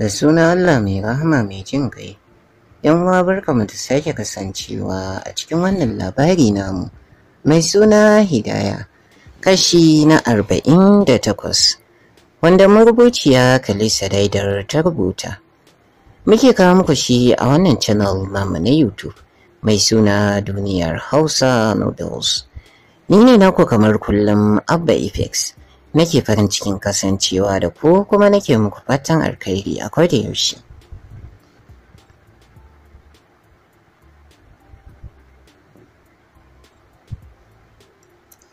da suna Allah mai rahama mai jin kai. Yan uwa barkamu da sake kasancewa a cikin wannan labari namu mai suna Hidaya kashi na arba'in da takwas wanda marubuciya Kalisa Daidar ta rubuta. Muke kawo muku shi a wannan channel namu na YouTube mai suna Duniyar Hausa Noodles. Ni ne naku kamar kullum Abba Effects. nake farin cikin kasancewa da ku kuma nake muku fatan alkhairi a da yaushe.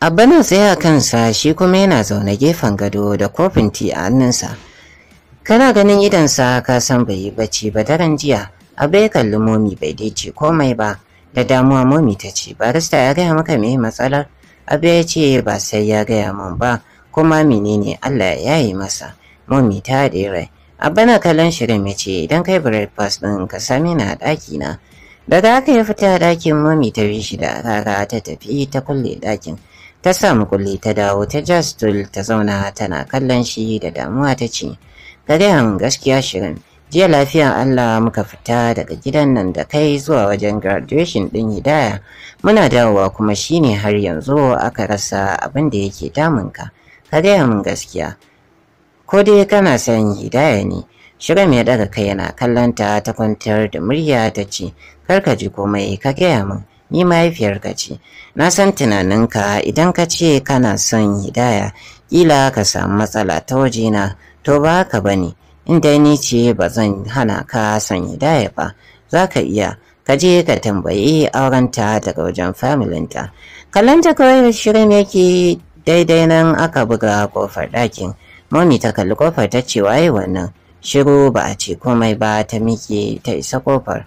Abba na tsaye a kansa shi kuma yana zaune gefen gado da kofin ti a hannunsa. Kana ganin idansa ka san bai yi bacci ba daren jiya, Abba ya kalli momi bai ce komai ba, da damuwa momi ta ce, barista ya gaya maka mai matsalar? Abba ya ce ba sai ya gaya min ba, kuma menene Allah ya yi masa mummy ta rai. abba na kallon shirin ya ce idan kai breakfast ɗin ka sami na ɗaki na daga haka ya fita dakin mummy ta bi shi da kaka ta tafi ta kulle ɗakin ta samu kulle ta dawo ta ja stool ta zauna tana kallon shi da damuwa ta ce ka gaya gaskiya shirin jiya lafiyan Allah muka fita daga gidan nan da kai zuwa wajen graduation din hidaya muna dawowa kuma shine har yanzu aka rasa abin da yake damunka ka gaya min gaskiya ko dai kana son hidaya ne shiga mai daga kai yana kallon ta ta kwantar da murya ta ce kar ka ji komai ka gaya mun ni mahaifiyarka ce na san tunaninka idan ka ce kana son hidaya kila ka samu matsala ta wajena to ba ka bane ne, inda ni ce ba zan hana ka son hidaya ba za ka iya ka je ka tambayi aurenta daga wajen familinta kallon ta kawai shirin yake daidai nan aka buga kofar ɗakin momi ta kalli kofar ta ce waye wannan shiru ba a ce komai ba ta miƙe ta isa kofar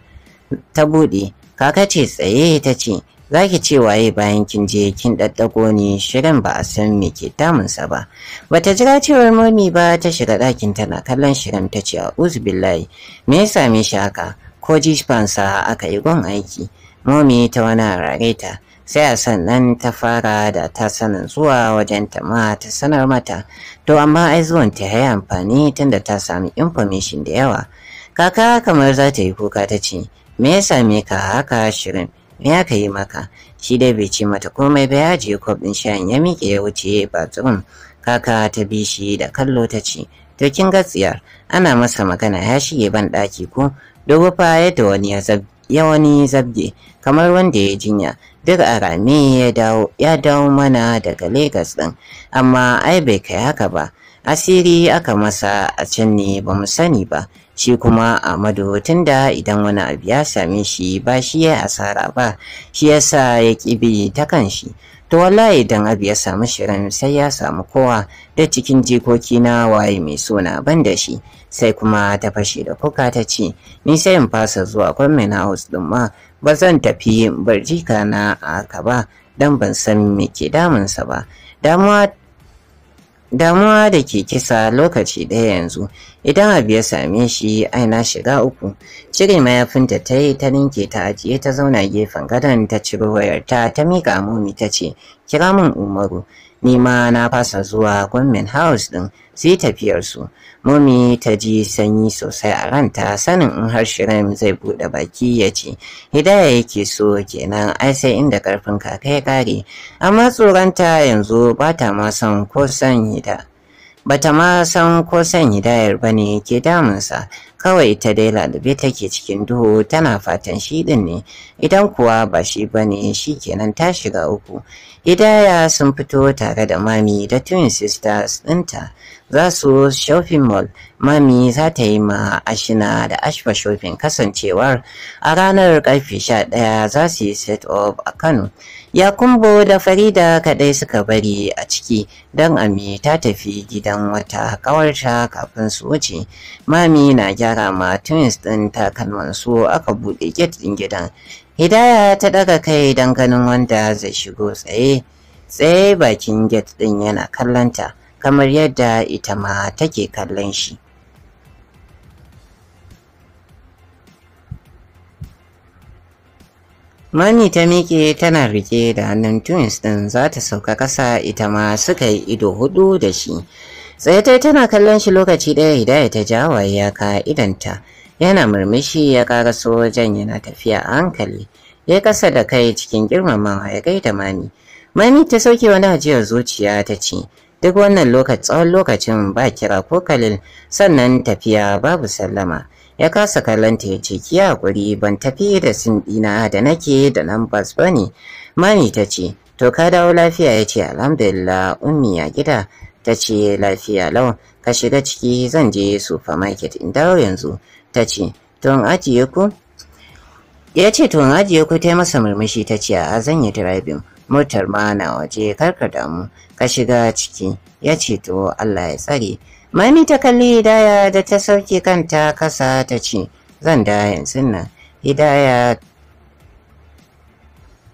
ta buɗe kaka ce tsaye ta ce za ki ce waye bayan kin je kin ɗaɗɗago ni shirin ba a san me ke damunsa ba bata jira cewar mami ba ta shiga ɗakin tana kallon shirin ta ce a billahi me ya same shi haka ko jisfansa aka yi gon aiki momi ta wani rare ta sai a sannan ta fara da ta sanin zuwa wajen ta ma ta sanar mata to amma ai zuwan ta yi amfani tunda ta sami information da yawa kaka kamar za ta yi kuka ta ce me ya same ka haka shirin me aka yi maka shi dai bai ce mata komai ba ya je kwab din shayin ya miƙe ya wuce bathroom kaka ta bi shi da kallo ta ce to kin ga tsiyar ana masa magana ya shige ban ɗaki ko dogo fa yadda wani ya zabi ya wani zabge kamar wanda ya jinya duk a rami ya dawo mana daga Legas din, amma ai bai kai haka ba asiri aka masa a can ne ba mu sani ba shi kuma Amadu tunda idan wani abu ya same shi ba shi ya asara ba shi yasa ya ƙi bi ta kan shi to wallahi idan abu ya samu shirin sai ya samu kowa da cikin jikoki na waye mai suna ban da shi sai kuma ta fashe da kuka ta ce ni sai in fasa zuwa gwamnan house din ma ba zan tafi barjika na aka ba dan ban san me ke damunsa ba damuwa Damuwa da ke kisa lokaci ɗaya yanzu, idan abu ya same shi aina shiga uku, cire mayafinta ta yi ta ninke ta ajiye ta zauna gefen gadon ta ciro wayarta ta miƙa momi ta ce, kira min Umaru, ni ma na fasa zuwa gwamnan house din sai tafiyarsu mummy ta ji sanyi sosai a ranta sanin in har shirin zai buɗe baki ya ce hidaya yake so kenan ai sai inda karfin ka ya kare amma tsoronta yanzu ba ta ma son ko san hida bata ma san ko san hidayar ba ne ke damunsa kawai ta dai lalube take cikin duhu tana fatan shi din ne idan kuwa ba shi ba ne shi kenan ta shiga uku hidaya sun fito tare da mami da twin sisters ɗinta za su shopping mall mami za ta yi ma ashina da ashfa shopping kasancewar a ranar karfe 11 za su yi set up a kano ya kumbo da farida kaɗai suka bari a ciki don ami ta tafi gidan wata kawarta kafin su wuce mami na gyara ma twins ɗin su aka buɗe gate ɗin gidan hidaya ta daga kai don ganin wanda zai shigo tsaye tsaye bakin gate ɗin yana kallonta kamar yadda ita ma take kallon shi Mami ta miƙe tana riƙe da hannun twins ɗin za ta sauka ƙasa ita ma suka yi ido hudu da shi. Tsaye tai tana kallon shi lokaci ɗaya ya ta jawa ya ka idanta. Yana murmushi ya ƙaraso wajen yana tafiya a hankali. Ya ƙasa da kai cikin girmamawa ya kai gaida mami. Mami ta sauke wani ajiyar zuciya ta ce, Duk wannan tsawon lokacin ba kira ko kalil sannan tafiya babu sallama. ya kasa kallanta ya ce kiya ban tafi da sin ɗina da nake da numbers ba ne mami ta ce to ka dawo lafiya ya ce alhamdulillah ummi ya gida ta ce lafiya lau ka shiga ciki zan je supermarket in dawo yanzu ta ce ajiye ku ya ce to ajiye ku ta masa murmushi ta ce a zan yi driving motar ma na waje Kar ka damu ka shiga ciki ya ce to Allah ya tsare Mami ta kalli Hidaya da ta sauke kanta kasa ta ce, Zan da yanzu nan, Hidaya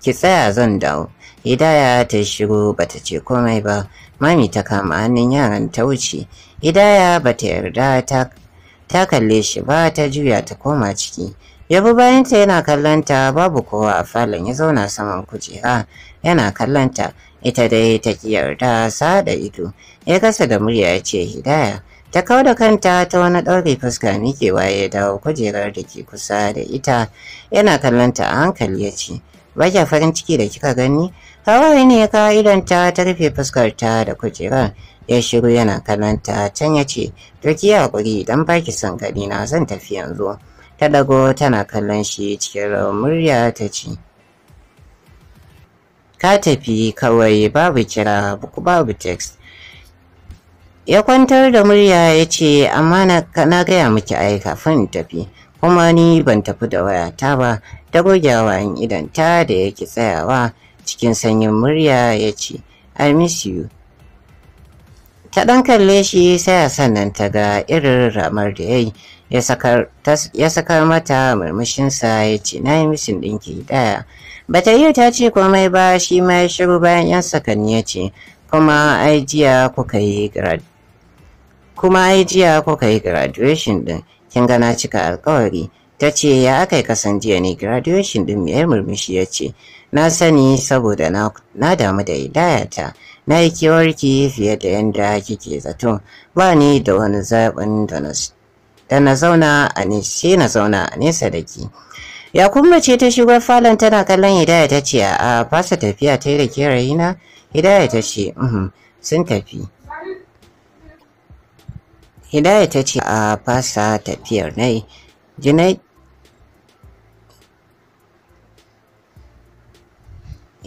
ki tsaya zan dawo. Hidaya ta shigo bata ce komai ba, mami ta kama hannun yaran ta wuce. Hidaya bata yarda ta kalle shi ba ta juya ta koma ciki. yabu bayanta yana kallonta babu kowa a falon ya zauna saman kujera yana kallonta ita dai ta ki yarda sada ido ya kasa da murya ya ce hidaya ta kawo da kanta ta wani ɗaure fuska miƙewa ya dawo kujerar da ke kusa da ita yana kallon ta a hankali ya ce ba kya farin ciki da kika gani hawaye ne ya kawo idonta ta rufe fuskar ta da kujerar ya shiru yana kallon can ya ce to ki haƙuri idan baki son gani na zan tafi yanzu ta ɗago tana kallon shi cikin murya ta ce ka tafi kawai babu kira babu text ya kwantar da murya ya ce amma na gaya miki ai kafin tafi kuma ni ban tafi da wayata ba ta gogewa in ta da yake tsayawa cikin sanyin murya ya ce i miss you ta ɗan kalle shi sai a sannan ta ga irin ramar da ya yi ya sakar mata murmushinsa ya ce na yi misin ɗinki ɗaya Batariya ta ce komai ba shi ma ya shiru bayan 'yan sakanni ya ce, kuma ai jiya kuka yi kuma ai jiya kuka yi graduation din kin gana cika alkawari ta ce ya aka yi kasan jiya ne graduation din mai murmushi ya ce na sani saboda na damu da hidayata na yi kewarki fiye da yadda kike zato ba ni da wani zaɓin da na zauna a nesa da ke. ya kuma ce ta shigar falon tana kallon hidaya ta ce a fasa tafiya ta yi da na hidaya ta ce uhm, sun tafi hidaya ta ce a fasa tafiyar na yi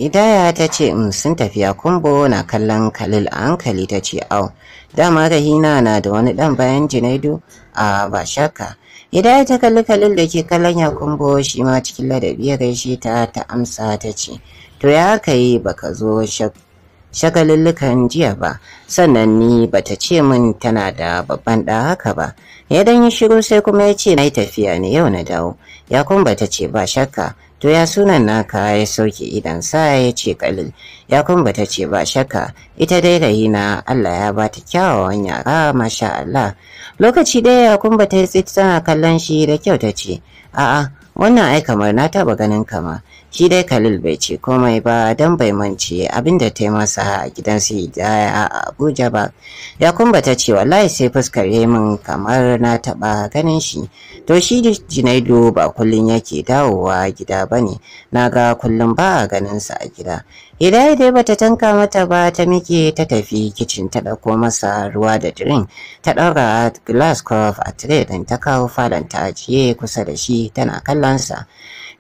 Idaya ta ce in mm, sun tafiya kumbo na kallon Khalil a hankali ta ce au dama Rahina na da wani dan bayan Junaidu a ba shakka. Idaya ta kalli Khalil da ke kallon ya kumbo shi ma cikin ladabi ya gaishe ta ta amsa ta ce to ya kai baka zo shagalillukan jiya ba sannan ni bata ce min tana da babban ɗa haka ba ya dan yi shiru sai kuma ya ce na yi tafiya ne yau na dawo ya ba ta ce ba shakka To ya sunan naka ya sauke idan sa ya ce kalil. Ya kuma ta ce ba shaka, ita dai rahina Allah ya ba ta kyawawan yara masha Allah. Lokaci ɗaya ya kuma ta tsit tana kallon shi da kyau ta ce a'a wannan ai kamar na taba ganin kama Shi dai Khalil bai ce komai ba don bai mance abinda da ta yi masa a gidan su a Abuja ba. Ya kumbata ce wallahi sai fuskar ya min kamar na taɓa ganin shi. To shi Junaidu ba kullum yake dawowa gida ba ne, na ga kullum ba a ganinsa a gida. Hidaya dai bata tanka mata ba ta miƙe ta tafi kicin ta ɗauko masa ruwa da drink, ta ɗaura glass cup a tire ɗin ta kawo falon ta ajiye kusa da shi tana kallon sa.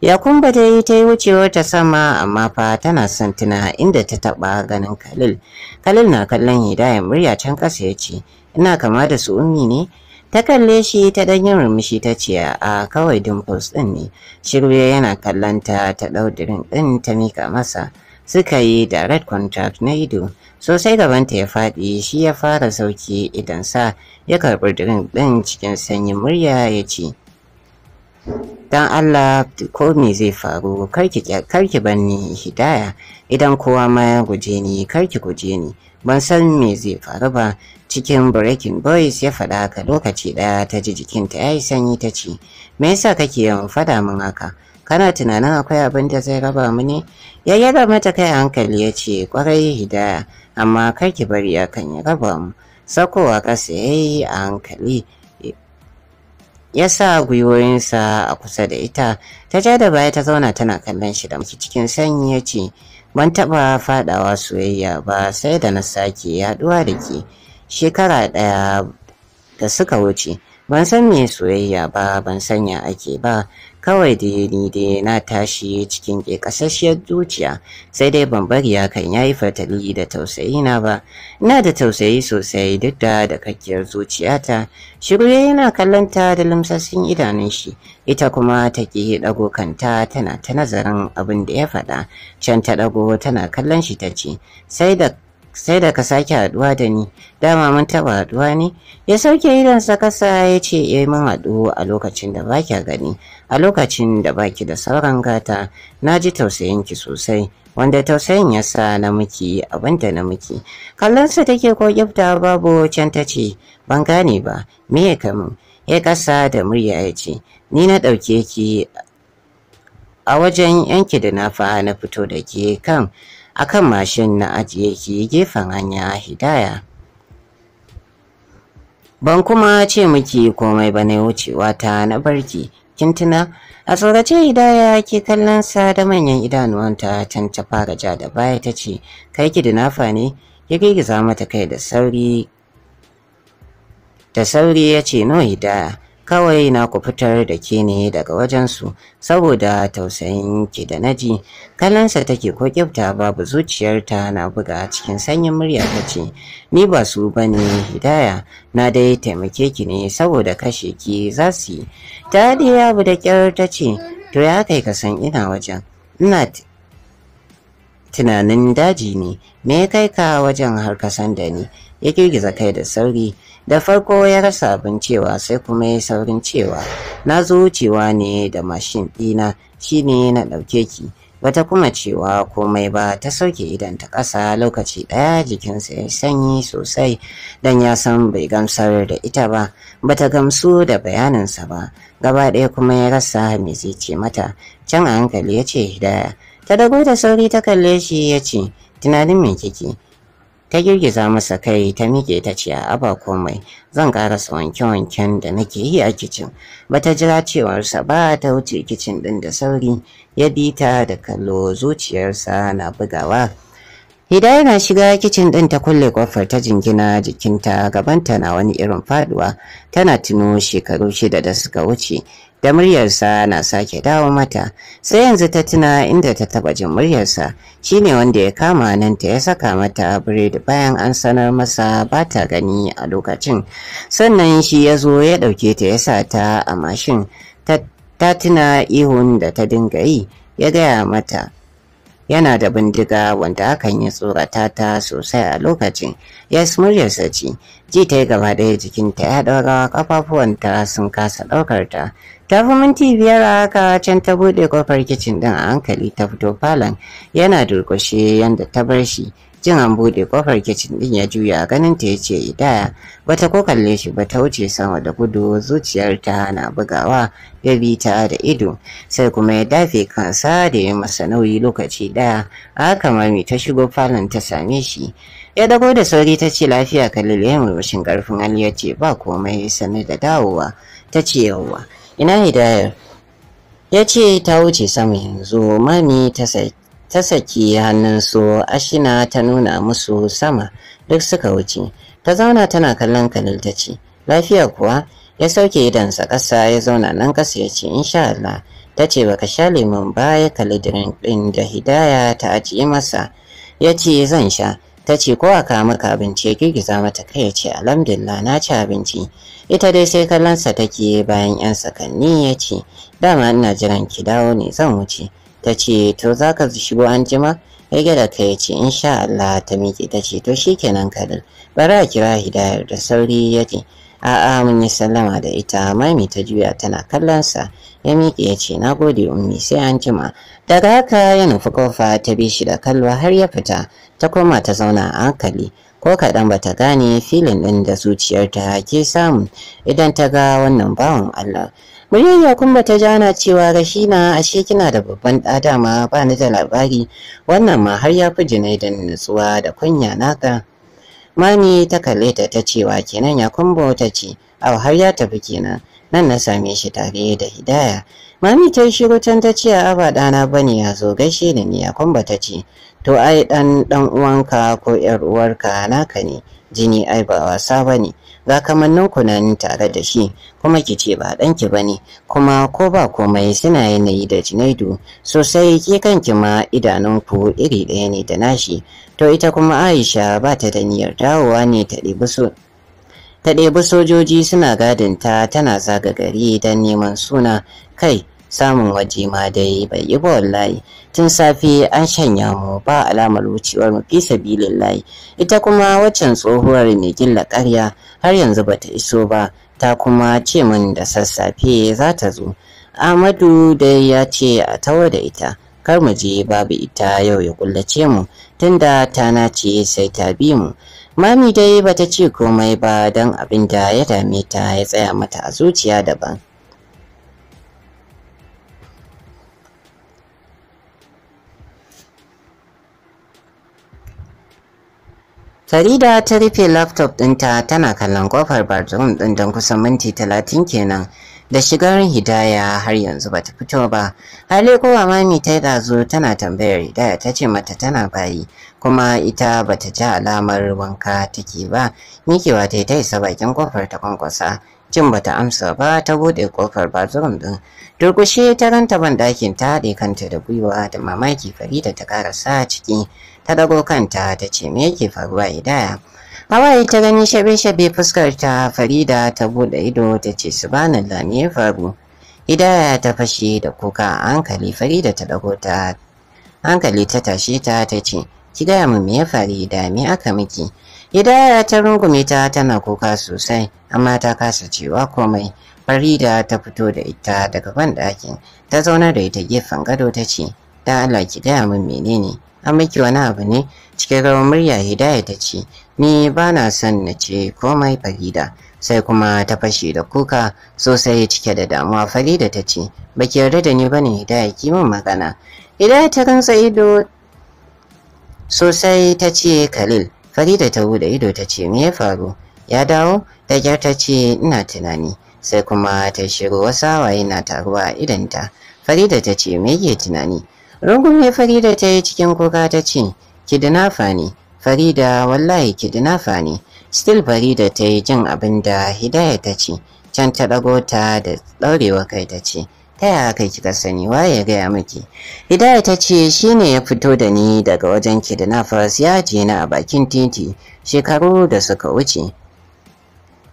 Ya kumba ta yi ta yi wucewar ta sama amma fa tana son tuna inda ta taɓa ganin Kalil. Kalil na kallon hidayar murya can ƙasa ya ce, ina kama da su ummi ne? Ta kalle shi ta ɗanyen murmushi ta ce a kawai dimples ɗin ne. Shirwe yana kallon ta ta ɗau dirin ɗin ta mika masa. Suka yi direct contact na ido. sosai gabanta ya faɗi shi ya fara sauki idan sa ya karɓi drink ɗin cikin sanyin murya ya ce dan Allah ko me zai faru karki banni hidaya idan kowa ma ya guje ni karki guje ni ban san me zai faru ba cikin breaking boys ya faɗa haka lokaci ɗaya ta ji jikin ta yayi sanyi ta ce me yasa kake yawan faɗa min haka kana tunanin akwai abin da zai raba mu ne ya yaba mata kai hankali ya ce kwarai hidaya amma karki bari akan ya raba mu sakowa ƙasa ya a hankali ya sa gwiwoyinsa a kusa da ita ta ja da baya ta zauna tana kallon shi da miki cikin sanyi ya ce ban taɓa faɗawa soyayya ba sai da na sake yaɗuwa da ke shekara ɗaya da suka wuce ban san me soyayya ba ban sanya ake ba kawai ya ni dai na tashi cikin ƙeƙasasshiyar zuciya sai dai ban bari hakan ya yi fatali da tausayi na ba ina da tausayi sosai duk da da kakkiyar zuciyata shiru yana kallon ta da limsasin idanun shi ita kuma ta ke ɗago kanta tana ta nazarin abin da ya faɗa can ta ɗago tana kallon shi ta ce sai da sai da ka sake haduwa da ni dama mun taba haduwa ne ya sauke idan sa kasa ya ce ya yi mun haɗu a lokacin da baki gani a lokacin da baki da sauran gata na ji ki sosai wanda tausayin ya sa na miki abinda na miki kallonsa take ko gyafta babu can ta ce ban gane ba me ya kamu ya kasa da murya ya ce ni na ɗauke ki a wajen yanki da na fa na fito da ke kan akan mashin na ajiye ki gefen hanya hidaya ban kuma ce miki komai ba na wucewa ta na barki kin a tsorace hidaya ke kallon sa da manyan idanuwanta can ta fara ja da baya ta ce kai ki da nafa ne ya girgiza mata kai da sauri da sauri ya ce no hidaya kawai na ku fitar da ke ne daga wajensu saboda tausayin ki da naji kalansa take ko kyauta babu zuciyarta na buga cikin sanyin murya ta ce ni ba su ba ne, hidaya na dai taimake ki ne saboda kashe ki za su yi ta ya bu da kyar ta ce to ya kai ka san ina wajen ina tunanin daji ne me kai ka wajen har ka san da ni ya girgiza kai da sauri da farko ya rasa abin cewa sai kuma ya saurin cewa na zo wucewa ne da mashin ɗina ne na ɗauke ki bata kuma cewa komai ba ta sauke idan ta ƙasa lokaci ɗaya jikinsa ya sanyi sosai don ya san bai gamsar da ita ba bata gamsu da bayaninsa ba gaba ɗaya kuma ya rasa me zai ce mata can a hankali ya ce hidaya ta dago da sauri ta kalle shi ya ce tunanin me kike ta girgiza masa kai ta miƙe ta ce a ba komai zan karasa wanke-wanken da nake yi a kicin bata jira cewarsa ba ta wuce kicin ɗin da sauri ya bi ta da kallo zuciyarsa na bugawa Hidaya yana shiga kicin ɗin ta kulle kofar ta jingina jikinta gabanta na wani irin faduwa tana tuno shekaru shida da suka wuce da muryarsa na sake dawo mata sai yanzu ta tuna inda ta taba jin muryarsa shine wanda ya kama nan ta ya saka mata biredi bayan an sanar masa ba ta gani a lokacin sannan shi ya zo ya ɗauke ta ya sa ta a mashin ta tuna ihun da ta dinga yi ya gaya mata yana da bindiga wanda hakan yi tsorata ta sosai a lokacin yes muryarsa ce ji ta yi gaba ɗaya jikinta ya ɗaura kafafuwanta sun kasa ɗaukar ta ta fi minti biyar a haka can ta buɗe kofar kicin ɗin a hankali ta fito falon yana durkushe yadda ta bar shi jin an buɗe kofar kicin ɗin ya juya ganin ta yace idaya bata ko kalle shi ba ta wuce sama da gudu zuciyar ta na bugawa ya bi ta da ido sai kuma ya dafe kansa da ya masa nauyi lokaci ɗaya haka mami ta shigo falon ta same shi ya dago da sauri ta ce lafiya kalle ya murmushin ƙarfin hali ya ce ba komai sanar da dawowa ta ce yawwa ina hidayar ya ce ta wuce sama yanzu mami ta saki hannunsu ashina ta nuna musu sama duk suka wuce ta zauna tana kallon kalil ta ce lafiya kuwa ya sauke idansa ƙasa ya zauna nan ƙasa ya ce insha Allah ta ce baka sha lemon ba ya kalli drink ɗin da hidaya ta ajiye masa ya ce zan sha ta ce ko aka maka abinci ya girgiza mata kai ya ce alhamdulillah na ci abinci ita dai sai kallonsa take bayan 'yan sakanni ya ce dama ina jiran ki dawo ne zan wuce ta ce to za ka shigo an jima rage ka kai ce insha Allah ta miƙe ta ce to shikenan kadin bari a kira hidayar da sauri ya ce a'a mun yi sallama da ita mami ta juya tana kallon sa ya miƙe ya ce gode ummi sai an jima daga haka ya nufi kofa ta bi shi da kalwa har ya fita ta koma ta zauna a hankali ko kaɗan ba ta gane filin ɗin da zuciyarta ke samu idan ta ga wannan bawan Allah Muryayya kun ta jana cewa Rashina ashe kina da babban ɗa dama ba ni da labari wannan ma har ya fi jinai da nutsuwa da kunya naka. mami ta kalle ta ta cewa kenan ya kumbo ta ce au har ya tafi kenan nan na same shi tare da hidaya mami ta yi shiru can ta ce a ba ɗana bane ya zo gaishe da ni ya kumbo ta ce to ai ɗan ɗan uwanka ko 'yar uwarka naka ne jini ai ba wasa ba ne. ga kamannin ni tare da shi kuma ki ce ba ɗanki ba ne kuma ko ba komai suna yanayi da junaidu sosai ke kanki ma idanunku iri ɗaya ne da nashi to ita kuma aisha ba ta da niyyar dawowa ne ta ɗebi so ta ɗebi sojoji suna gadinta tana zaga gari don neman suna kai samun waje ma dai bai yi ba wallahi tun safe an shanya mu ba alamar wucewar mu fi sabilillahi ita kuma waccan tsohuwar mai gilla ƙarya har yanzu bata iso ba ta kuma ce min da sassafe za ta zo Amadu dai ya ce a tawar da ita kar mu je babu ita yau ya kullace mu tunda ta nace sai ta bi mu mami dai bata ce komai ba don abin da ya dame ta ya tsaya mata a zuciya daban Farida ta rufe laptop ɗinta tana kallon kofar bathroom ɗin don kusan minti talatin kenan da shigar Hidaya har yanzu bata fito ba. Hali kowa mami ta yi ɗazu tana tambayar Hidaya ta ce mata tana bayi kuma ita ba ta ji alamar wanka take ba. Mikewa ta ta isa bakin kofar ta kwankwasa. Jin ta amsa ba ta buɗe kofar bathroom ɗin. Durkushe ta ranta ban ɗakin ta haɗe kanta da gwiwa da mamaki Farida ta ƙarasa ciki. ta dago kanta ta ce me yake faruwa idaya hawaye ta gani shabe-shabe fuskar ta farida ta bude ido ta ce subhanallah me ya faru idaya ta fashe da kuka a hankali farida ta dago ta hankali ta tashe ta ta ce ki gaya mu me ya faru da me aka miki hidaya ta rungume ta tana kuka sosai amma ta kasa cewa komai farida ta fito da ita daga banɗakin ta zauna da ita gefen gado ta ce da allah ki gaya min menene an miki wani abu ne Cike rawar murya hidaya ta ce ni ba na son na ce komai farida sai kuma ta fashe da kuka sosai cike da damuwa farida ta ce baki yarda da ni ne hidaya ki min magana hidaya ta rantsa ido sosai ta ce khalil farida ta bude ido ta ce me ya faru ya dawo ta kyar ta ce ina tunani sai kuma ta shiro wasu hawaye na taruwa a idanta farida ta ce me yake tunani ne Farida ta yi cikin kuka ta ce, Kidnafa ne, Farida wallahi kidnafa ne. Still Farida ta yi jin abin da Hidaya ta ce, can ta ɗago ta da ɗaurewa kai ta ce, ta yaya kai kika sani waye gaya miki hidaya ta ce shi ne ya fito da ni daga wajen kidnappers ya je na a bakin titi shekaru da suka wuce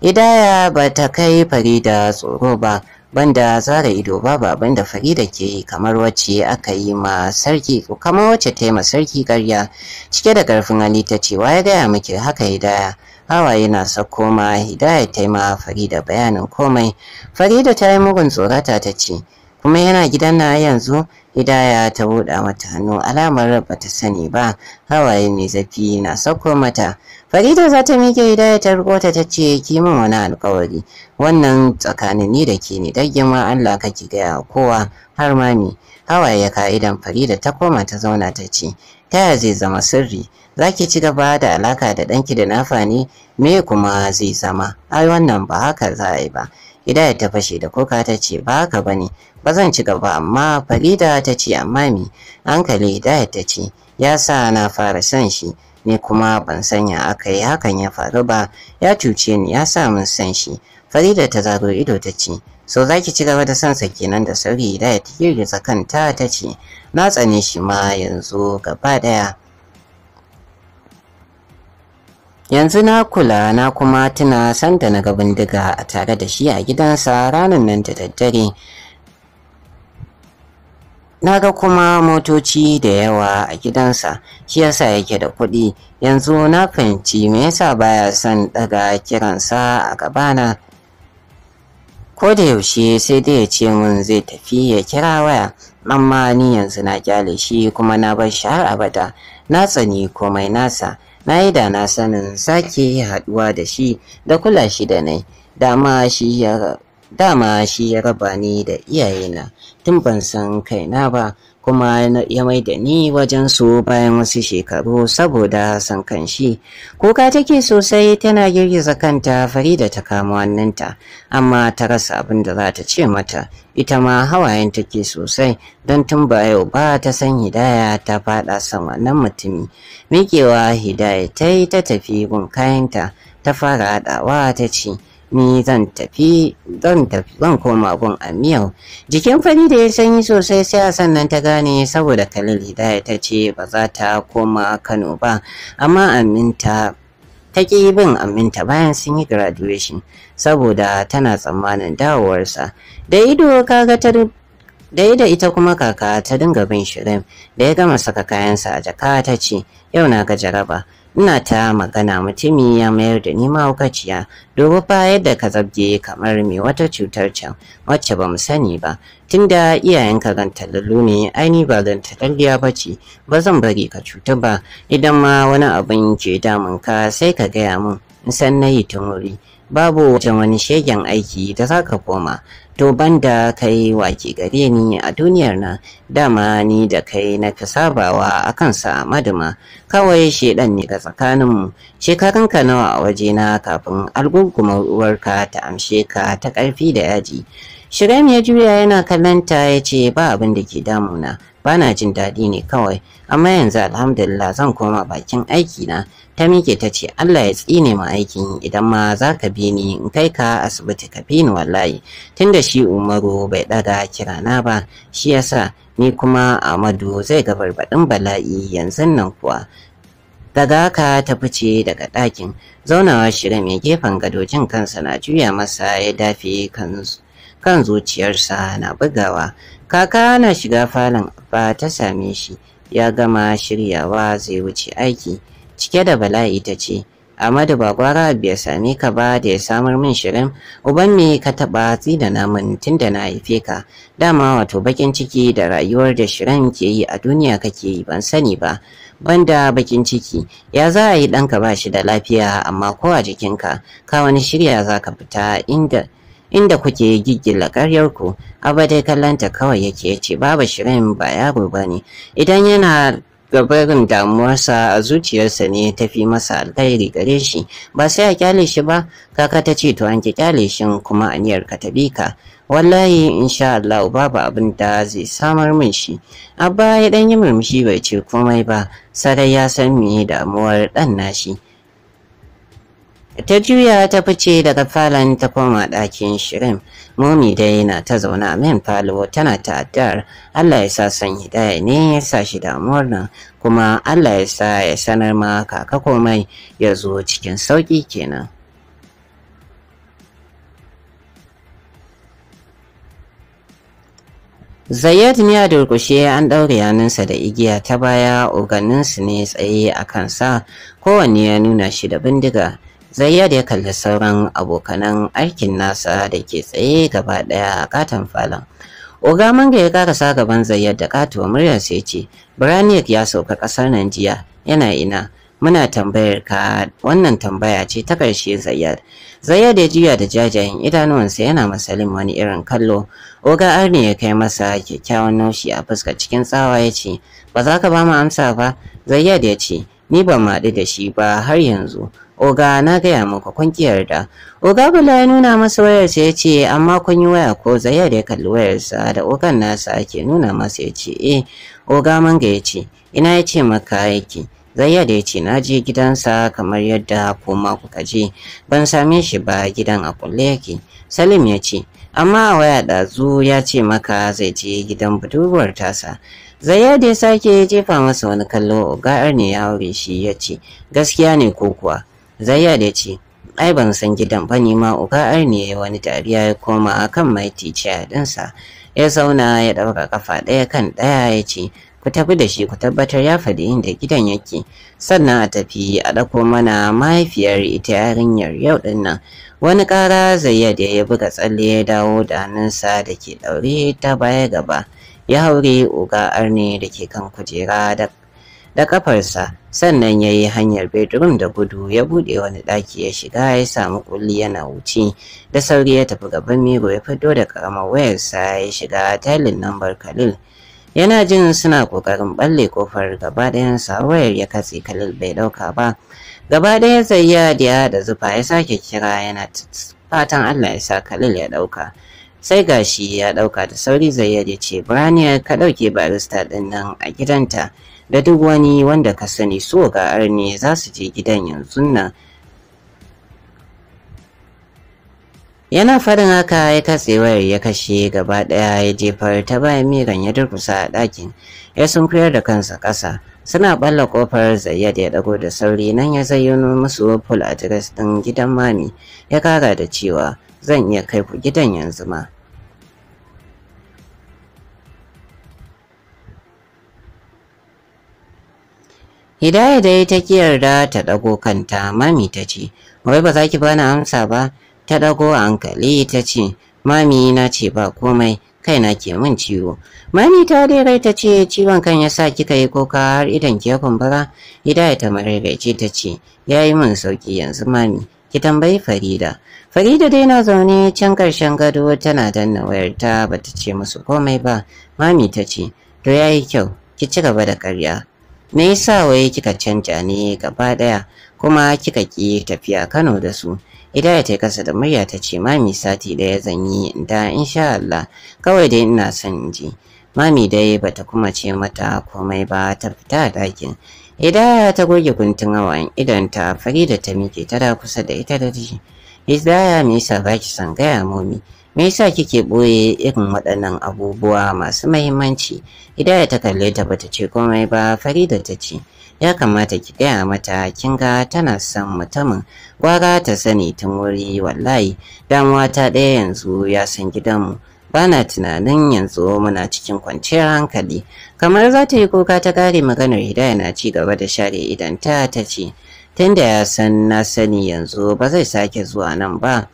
hidaya ba ta kai farida tsoro ba banda zara ido babu abinda Farida ke kamar wacce aka yi ma sarki kamar wacce ta yi ma sarki ƙarya cike da ƙarfin hali ta ce ya gaya miki haka hidaya hawaye na sauko ma hidaya ta yi ma Farida bayanin komai Farida ta yi mugun tsorata ta ce kuma yana gidan na yanzu hidaya ta buɗa mata hannu alamar ba ta sani ba hawaye mai zafi na sauko mata Farida za ta miƙe hidaya ta riko ta ce ki wani alƙawari wannan tsakanin ni da ke ne dan girman Allah kake gaya kowa har ma ni hawaye ya ka'idan Farida ta koma ta zauna ta ce ta ya zai zama sirri za ki ci gaba da alaka da ɗanki da nafa ne me kuma zai zama ai wannan ba haka za a yi ba Hidaya ta fashe da kuka ta ce ba haka ba ne, ba zan ci gaba amma Farida ta ce amma mi, hankali Hidaya ta ce ya sa na fara son shi, ni kuma ban sanya aka yi hakan ya faru ba ya cuce ni ya sa min san shi farida ta zaro ido ta ce sau za ki ci gaba da sansa kenan da sauri ya ta girgiza kanta ta ce na tsane shi ma yanzu gaba daya yanzu na kula na kuma tuna sanda na ga bindiga a tare da shi a gidansa ranar nan da daddare Na ga kuma motoci da yawa a gidansa, shi yasa yake da kuɗi, yanzu na fahimci me yasa baya son daga kiransa a gabana. Ko da yaushe sai dai ya ce mun zai tafi ya kira waya, amma ni yanzu na kyale shi kuma na bar shi har abada, na tsani komai nasa, na yi da na sanin sake haɗuwa da shi da kula shi da nai, dama shi ya dama shi ya raba ni da iyayena tun ban san kaina ba kuma ya mai da ni wajen su bayan wasu shekaru saboda san kan shi kuka take sosai tana girgiza kanta farida ta kama amma ta rasa abin da za ta ce mata ita ma hawayen take sosai don tun ba yau ba ta san hidaya ta fada sama wannan mutumi miƙewa hidaya ta yi ta tafi gun kayanta ta fara haɗawa ta ce ni zan tafi zan tafi zan koma gun amiyau jikin fari da ya sanyi sosai sai a sannan ta gane saboda kalil hidaya ta ce ba za ta koma kano ba amma aminta ta ƙi bin aminta bayan sun yi graduation saboda tana tsammanin dawowarsa da ido kaga ta da da ita kuma kaka ta dinga bin shirin da ya gama saka kayansa a jaka ta ce yau na ga jaraba ina ta magana mutumi ya mayar da ni mahaukaciya dubu fa yadda ka zabge kamar mai wata cutar can wacce ba mu sani ba tunda iyayenka lallu ne aini ba gantalalliya ba ce ba zan bari ka cuta ba idan ma wani abin ke damun ka sai ka gaya min san na yi tun wuri babu wajen wani shegen aiki da za ka koma to banda kai wake gare ni a duniyar nan dama ni da kai na fi sabawa a kansa maduma kawai shedan ne ga tsakanin tsakaninmu shekarunka nawa a waje na kafin algungumar uwarka ta amshe ka ta karfi da yaji Shirem ya juya yana kallon ta ya ce ba abin da ke damuna bana jin daɗi ne kawai amma yanzu alhamdulillah zan koma bakin aiki na ta mike ta ce Allah ya tsine ma aikin idan ma za ka bi ni in kai ka asibiti ka bi ni wallahi tunda shi Umaru bai ɗaga kirana ba shi yasa ni kuma Amadu zai ga barbaɗin bala'i yanzu nan kuwa daga haka ta fice daga ɗakin zaunawa shirin mai gefen gadojin kansa na juya masa ya dafe kan zuciyarsa na bugawa Kaka na shiga falon ba ta same shi ya gama shiryawa zai wuce aiki cike da bala'i ta ce Amadu ba gwara biya same ka ba da ya samar min shirin uban me ka taba da namun tun da na haife ka dama wato bakin ciki da rayuwar da shirin ke yi a duniya kake yi ban sani ba banda bakin ciki ya za a yi ɗanka ba shi da lafiya amma ko a jikinka ka wani shirya za ka fita inda inda kuke giggila ƙaryarku abadai kallanta kawai yake ce babu shirin ba yaro ba ne idan yana gabarin damuwarsa a zuciyarsa ne ta fi masa alkhairi gare shi ba sai a kyale shi ba kaka ta ce to an ki kyale shi kuma aniyar ka ta bi ka wallahi insha Allah babu abin da zai samar min shi abba ya dan murmushi bai ce komai ba sarai ya san me damuwar dan nashi ta juya ta fice daga falon ta koma ɗakin shirin momi dai na ta zauna min falo tana ta'addar, allah ya sa son hidaya ne ya sa shi damuwar nan kuma allah ya sa ya sanar ma kaka komai ya zo cikin sauƙi kenan Zayyad ne a durkushe an ɗaure da igiya ta baya oganninsu ne tsaye a kansa kowanne ya nuna shi da bindiga Zayyad ya kalli sauran abokanan aikin nasa da ke tsaye gaba ɗaya a katon falon. Oga Manga ya karasa gaban Zayyad da katuwa muryar sai ce, Branik ya sauka ƙasar nan yana ina, muna tambayar ka wannan tambaya ce ta karshe Zayyad. Zayyad ya juya da jajayen idanuwansa yana masalin wani irin kallo. Oga Arni ya kai masa kyakkyawan naushi a fuska cikin tsawa ya ce, Ba za ka ba mu amsa ba? Zayyad ya ce, Ni ban ma da shi ba har yanzu. Oga na gaya muku kun ki yarda. Oga Bala ya nuna masa wayar sa yace amma kun yi waya ko zai da ya kalli wayar sa da ogan nasa ake nuna masa yace eh oga manga yace ina yace maka yake. Zayyad ya ce na je gidansa kamar yadda ma kuka je ban same shi ba gidan a kulle yake. Salim ya ce amma a waya ɗazu ya ce maka zai je gidan budurwar tasa. Zayyad ya sake jefa masa wani kallo ga ne ya aure shi yace gaskiya ne ko kuwa Zayyad ya ce, ai ban san gidan ba ne ma uka ai ya wani dariya ya koma akan mai ticiya ɗinsa. Ya zauna ya ɗaura kafa ɗaya kan ɗaya ya ce, ku tafi da shi ku tabbatar ya faɗi inda gidan yake sannan a tafi a ɗauko mana mahaifiyar ita yarinyar yau ɗin nan wani ƙara zayyad ya buga tsalle ya dawo da hannunsa da ke ɗaure ta baya gaba ya haure oga arne da ke kan kujera da da kafarsa sannan ya yi hanyar bedroom da gudu ya buɗe wani ɗaki ya shiga ya samu kulli yana wuce da sauri ya tafi gaban miro ya fito da karamar wayarsa ya shiga tailin lambar khalil yana jin suna kokarin ɓalle kofar gaba sa wayar ya katse khalil bai ɗauka ba gaba ɗaya zayyad ya da zufa ya sake kira yana fatan allah ya sa khalil ya ɗauka sai gashi ya ɗauka da sauri zayyad ya ce ya ka ɗauke barista ɗin nan a gidanta da duk wani wanda ka sani so ga arne za su je gidan yanzu nan yana farin haka ya katse wayar ya kashe gaba daya ya jefar ta bayan miran ya durkusa a ɗakin ya sunkuyar da kansa ƙasa suna ɓalla kofar zayyad ya dago da sauri nan ya zayyano musu a address ɗin gidan mami ya kara da cewa zan iya kai ku gidan yanzu ma Hidaya dai ta ki yarda ta ɗago kanta mami ta ce, wai ba za ki bani amsa ba, ta ɗago hankali ta ce, mami na ce ba komai kaina ke min ciwo. Mami ta dai rai ta ce ciwon kan ya sa kika yi kuka har idan ki ya kumbura, Hidaya ta mararaice ta ce, ya yi min sauki yanzu mami, ki tambayi Farida. Farida dai na zaune can ƙarshen gado tana danna wayarta bata ce musu komai ba. Mami ta ce, to yayi kyau, ki ci gaba da ƙarya. me yasa wai kika canja ne gaba daya kuma kika ki tafiya Kano da su ya ta kasa da murya ta ce mami sati da zan yi da insha Allah kawai dai ina son in ji mami dai bata kuma ce mata komai ba ta fita a dakin Hidaya ta goge guntun hawan idan ta Farida ta miƙe ta kusa da ita da ji Hidaya me yasa baki san gaya momi me yasa kike ɓoye irin waɗannan abubuwa masu mahimmanci hidaya ta kalle ta bata ce komai ba farida ta ce ya kamata ki gaya mata kin ga tana son mutumin gwara ta sani tun wuri wallahi damuwa ta ɗaya yanzu ya san gidanmu bana tunanin yanzu muna cikin kwanciyar hankali kamar za ta yi kuka ta ƙare maganar hidaya na ci gaba da share idan ta ta ce tunda ya san na sani yanzu ba zai sake zuwa nan ba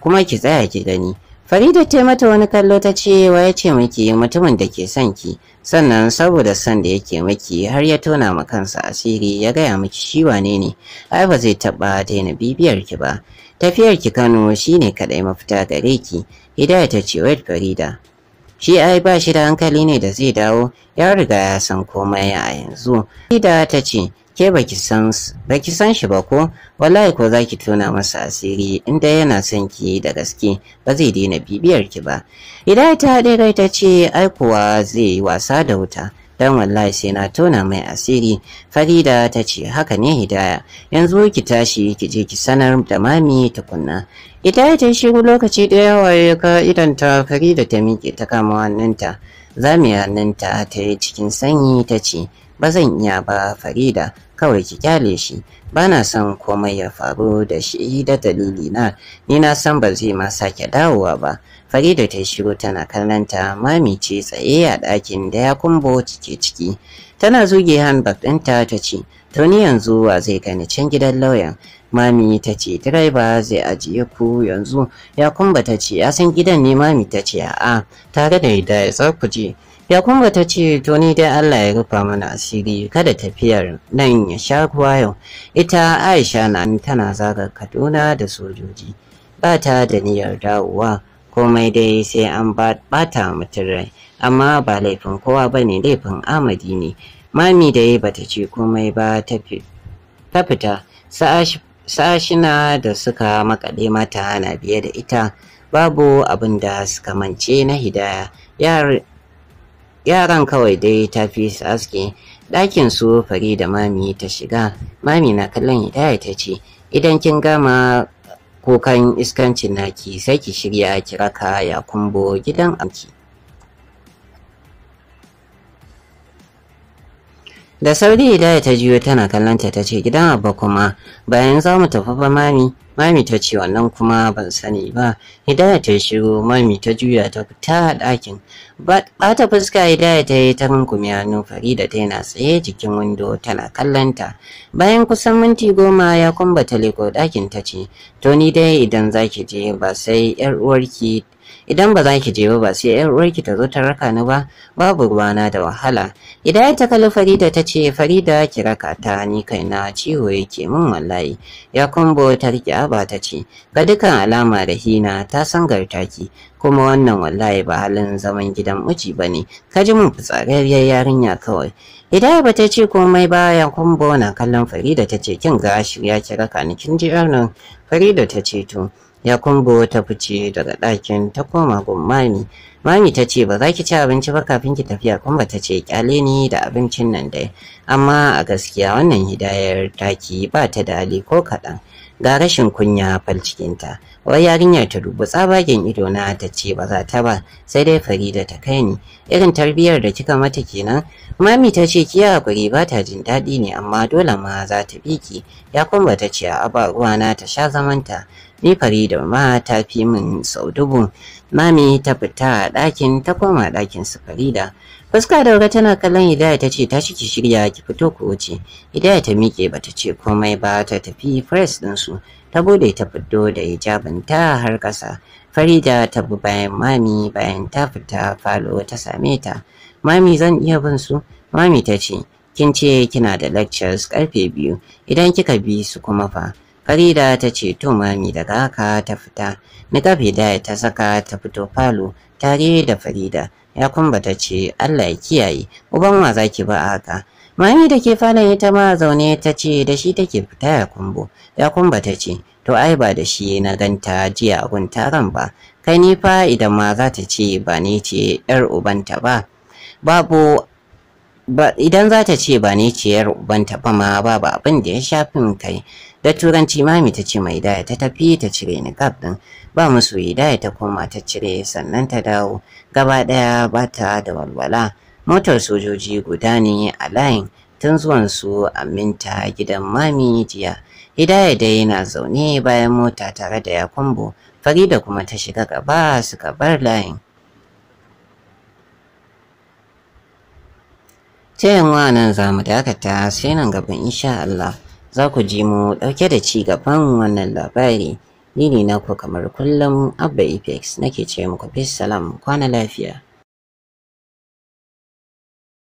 kuma ki tsaya ki gani Farida ta mata wani kallo ta ce wa ya ce miki mutumin da ke son ki sannan saboda son da yake miki har ya tona ma kansa asiri ya gaya miki shi wane ne ai ba zai taba daina bibiyar ki ba tafiyar ki Kano shine kadai mafita gare ki Hidaya ta ce wait Farida shi ai ba shi da hankali ne da zai dawo ya riga ya san komai a yanzu Farida ta ce ke baki san baki san shi ba ko wallahi ko zaki tona masa asiri inda yana son ki da gaske ba zai daina bibiyar ki ba idan ta dai ta ce ai kuwa zai yi wasa da wuta dan wallahi sai na tona mai asiri farida ta ce haka ne hidaya yanzu ki tashi ki je ki sanar da mami tukunna ita ta shiru lokaci ɗaya waye ka idan ta farida ta miƙe ta kama hannunta zamiyar hannunta ta yi cikin sanyi ta ce ba zan iya ba Farida kawai ki kyale shi ba na son komai ya faru da shi da dalili na ni na san ba zai ma sake dawowa ba Farida ta shiru tana kallon ta mami ce tsaye a ɗakin da ya kumbo cike ciki tana zuge handbag ɗinta ta ce to ni yanzu wa zai gani can gidan lauyan mami ta ce direba zai ajiye ku yanzu ya kumba ta ce ya san gidan ne mami ta ce a'a tare da hidaya za ku je ya kuma ta ce to ni dai Allah ya rufa mana asiri kada tafiyar nan ya sha kuwa yau ita Aisha na tana zaga Kaduna da sojoji ba ta da niyyar dawowa komai dai sai an bata mutum rai amma ba laifin kowa ba ne laifin amadi ne mami dai bata ce komai ba ta fita sashina da suka makale mata na biye da ita babu abin da suka mance na hidaya yaran kawai dai ta fi aski ɗakin su fari da mami ta shiga mami na kallon hidaya ta ce idan kin gama kukan iskancin naki sai ki shirya kira ka ya kumbo gidan amki Da sauri Hidaya ta jiyo tana kallonta ta ce gidan abba kuma bayan za mu tafi ba mami. Mami ta ce wannan kuma ban sani ba. Hidaya ta shigo mami ta juya ta fita ɗakin. Bata fuska Hidaya ta yi ta rungumi hannu Farida ta yana tsaye jikin windo tana kallonta. Bayan kusan minti goma ya kumbata leko ɗakin ta ce to ni dai idan zaki je ba sai 'yar uwarki idan ba za ki je ba sai yar uwarki ta zo ta raka ni ba babu ruwana da wahala idan ta kalli farida ta ce farida ki raka ta ni kai na ciwo yake min wallahi ya kumbo ta riƙe aba ta ce ga dukan alama da hina ta san gartaki kuma wannan wallahi ba halin zaman gidan miji ba ne ka ji mun fitsararriyar yarinya kawai idan ba ta ce komai ba ya kumbo na kallon farida ta ce kin ga ya ki raka ni kin ji nan farida ta ce to ya kumbo ta fice daga ɗakin ta koma gun mami mami ta ce ba za ki ci abinci ba kafin ki tafiya kumba ta ce kyale ni da abincin nan dai amma a gaskiya wannan hidayar taki ba ta da ali ko kaɗan ga rashin kunya falcikinta wai yarinyar ta dubu tsabagen ido na ta ce ba za ta ba sai dai farida ta kai ni irin tarbiyyar da kika mata kenan mami ta ce kiya hakuri ba ta jin daɗi ne amma dole ma za ta ki. ya kuma ta ce a ba na ta sha zamanta ni Farida ma ta fi min sau dubu. Mami ta fita a ɗakin ta koma ɗakin su Farida. Fuska daura tana kallon Hidaya ta ce ta shiki shirya ki fito ku wuce. Hidaya ta miƙe bata ce komai ba ta tafi fres ɗinsu. Ta bude ta fito da hijabinta har ƙasa. Farida ta bi bayan mami bayan ta fita falo ta same ta. Mami zan iya bin su? Mami ta ce, kin ce kina da lectures karfe biyu, idan kika bi su kuma fa Farida ta ce to mami daga haka ta fita. Niqab Hidaya ta saka ta fito falo tare da Farida. Ya ta ce Allah ya kiyaye, uban wa zaki ba haka. Mami da ke falon ita ma zaune ta ce da shi take fita ya kumbo. Ya ta ce to ai ba da shi na ganta jiya a gun taron ba. Kai ni fa idan ma za ta ce ba ni ce ‘yar ubanta ba. Babu ba idan za ta ce ba ni ce ‘yar ubanta ba ma babu abin da ya shafin kai. da turanci mami ta ce mai daya ta tafi ta cire niqab din ba musu hidaya ta koma ta cire sannan ta dawo gaba daya ba ta da walwala motar sojoji guda ne a layin tun zuwan su aminta gidan mami jiya hidaya dai na zaune bayan mota tare da yakumbo farida kuma ta shiga gaba suka bar layin ta nan zamu dakata sai nan gaban insha Allah za ku ji mu ɗauke da ci gaban wannan labari ni ne na naku kamar kullum abba apex nake ce muku peace salam kwana lafiya